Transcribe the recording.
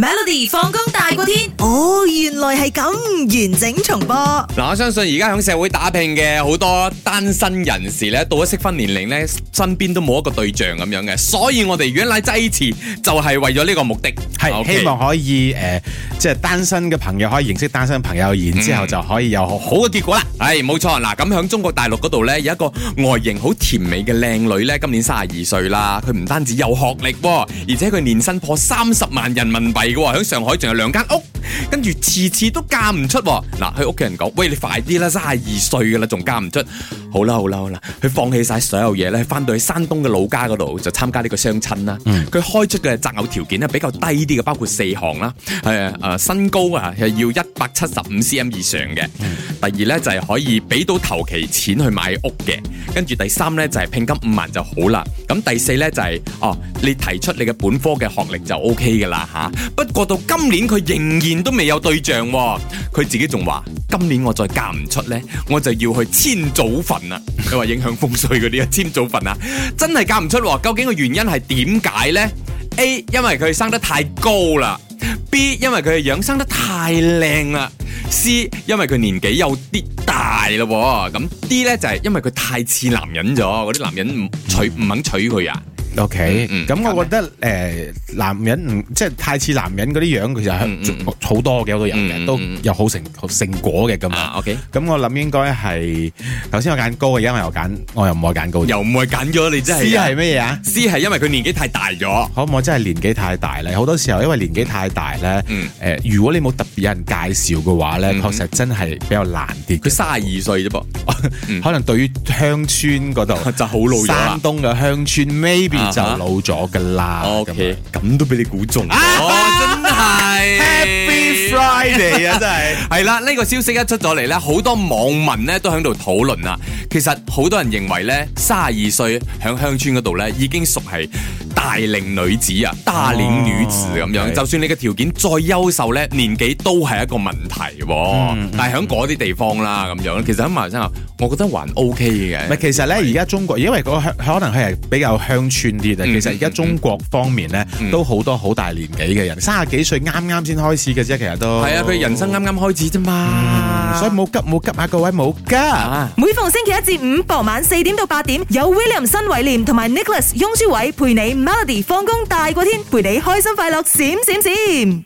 Melody 放工大過天，哦，原來係咁完整重播。嗱， 我相信而家響社會打拼嘅好多單身人士咧，到咗適婚年齡咧，身邊都冇一個對象咁樣嘅，所以我哋原來濟詞就係為咗呢個目的，係是 Okay. 希望可以誒。呃即係單身嘅朋友可以認識單身朋友，然之後就可以有好嘅、嗯、結果啦。係冇錯，嗱咁響中國大陸嗰度咧，有一個外形好甜美嘅靚女咧，今年三十二歲啦。佢唔單止有學歷，而且佢年薪破三十萬人民幣嘅喎，喺上海仲有兩間屋。跟住次次都嫁唔出。哦，嗱佢屋企人講：喂，你快啲啦，卅二歲噶啦，仲嫁唔出。好啦好啦好啦，佢放棄晒所有嘢咧，翻到去山東嘅老家度就參加呢個相親啦。佢、嗯、開出嘅擇偶條件咧比較低啲嘅，包括四項啦，係啊、呃，身高啊係要一百七十五 cm 以上嘅。嗯、第二咧就係、是、可以俾到頭期錢去買屋嘅，跟住第三咧就係、是、聘金五萬就好啦。咁第四咧就係、是、哦，你提出你嘅本科嘅學歷就 O K 嘅啦吓，不過到今年佢仍然都。未有對象，佢自己仲話：今年我再嫁唔出呢，我就要去遷祖墳啦。佢話影響風水嗰啲啊，遷祖墳啊，真係嫁唔出。究竟個原因係點解呢？A，因為佢生得太高啦；B，因為佢嘅樣生得太靚啦；C，因為佢年紀有啲大咯。咁 D 呢，就係因為佢太似男人咗，嗰啲男人唔娶唔肯娶佢啊。O K，咁我覺得誒男人唔即係太似男人嗰啲樣，其實好多嘅都有嘅，都有好成成果嘅，咁 O K，咁我諗應該係頭先我揀高嘅，因為我揀我又唔會揀高，又唔會揀咗你真係 C 係咩嘢啊？C 係因為佢年紀太大咗，可唔可以真係年紀太大咧？好多時候因為年紀太大咧，誒如果你冇特別有人介紹嘅話咧，確實真係比較難啲。佢三十二歲啫噃，可能對於鄉村嗰度就好老。山東嘅鄉村，maybe。就老咗㗎啦，OK，咁都俾你估中。係 Hi Happy Friday 啊！真係係啦，呢、這個消息一出咗嚟咧，好多網民咧都響度討論啊，其實好多人認為咧，32歲響鄉村度咧，已經屬係大齡女子啊，大齡女子咁樣。哦 okay. 就算你嘅條件再優秀咧，年紀都係一個問題、哦。嗯、但係喺啲地方啦，咁樣，其實喺馬來西亞我覺得還 OK 嘅。唔係，其實咧，而家對中國因為、那個鄉可能佢係比較鄉村啲啊。嗯、其實而家中國方面咧，嗯嗯、都好多好大年紀嘅人，三十幾。最啱啱先開始嘅啫，其實都係啊！佢人生啱啱開始啫嘛、啊嗯，所以冇急冇急啊！各位冇噶，急啊、每逢星期一至五傍晚四點到八點，有 William 新偉廉同埋 Nicholas 翁舒偉陪你 Melody 放工大過天，陪你開心快樂閃閃閃。閃閃閃